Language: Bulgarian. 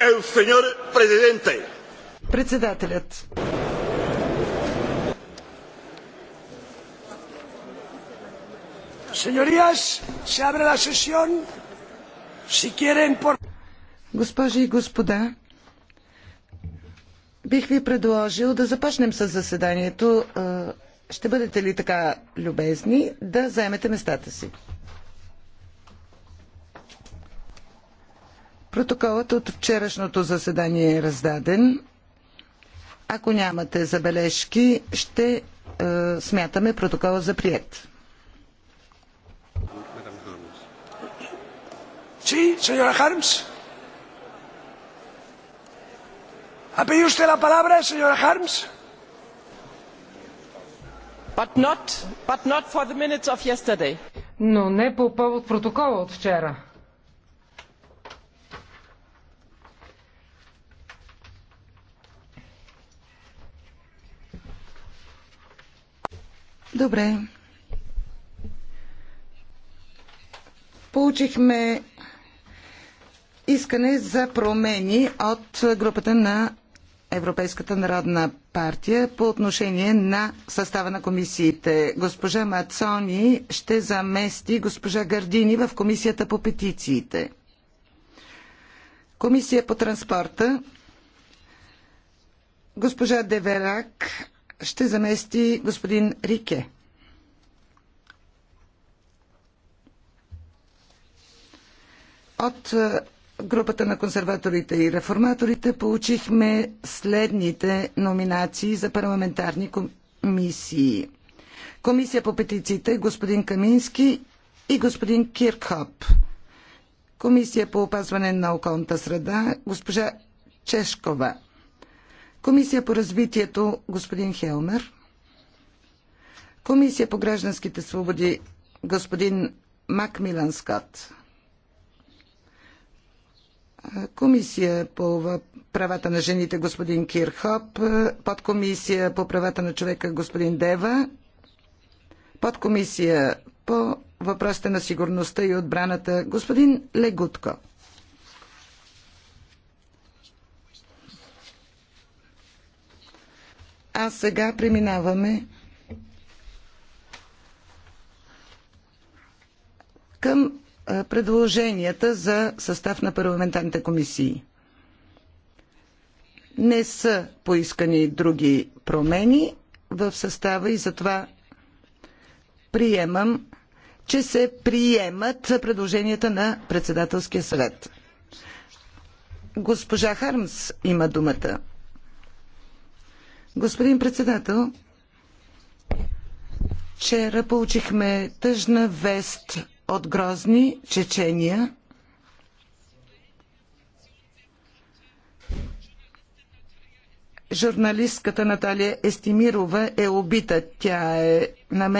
El señor Председателят. Señorías, abre la sesión. Si quieren por... Госпожи и господа, бих ви предложил да започнем с заседанието. Е, ще бъдете ли така любезни да заемете местата си? Протоколът от вчерашното заседание е раздаден. Ако нямате забележки, ще е, смятаме протокола за прият. Sí, señora Harms. ¿Ha pedido usted la palabra, señora Harms? But not, but not for the minutes of yesterday. Но не по повод протокола от вчера. Добре. Получихме искане за промени от групата на Европейската народна партия по отношение на състава на комисиите. Госпожа Мацони ще замести госпожа Гардини в комисията по петициите. Комисия по транспорта. Госпожа Деверак ще замести господин Рике. От е, групата на консерваторите и реформаторите получихме следните номинации за парламентарни комисии. Комисия по петициите господин Камински и господин Киркхоп. Комисия по опазване на околната среда госпожа Чешкова. Комисия по развитието господин Хелмер. Комисия по гражданските свободи господин Макмилан Скот, Комисия по правата на жените господин Кирхоп, подкомисия по правата на човека господин Дева, подкомисия по въпросите на сигурността и отбраната господин Легутко. А сега преминаваме към предложенията за състав на парламентарните комисии. Не са поискани други промени в състава и затова приемам, че се приемат предложенията на председателския съвет. Госпожа Хармс има думата. Господин председател, вчера получихме тъжна вест от Грозни, Чечения. Журналистката Наталия Естимирова е убита. Тя е на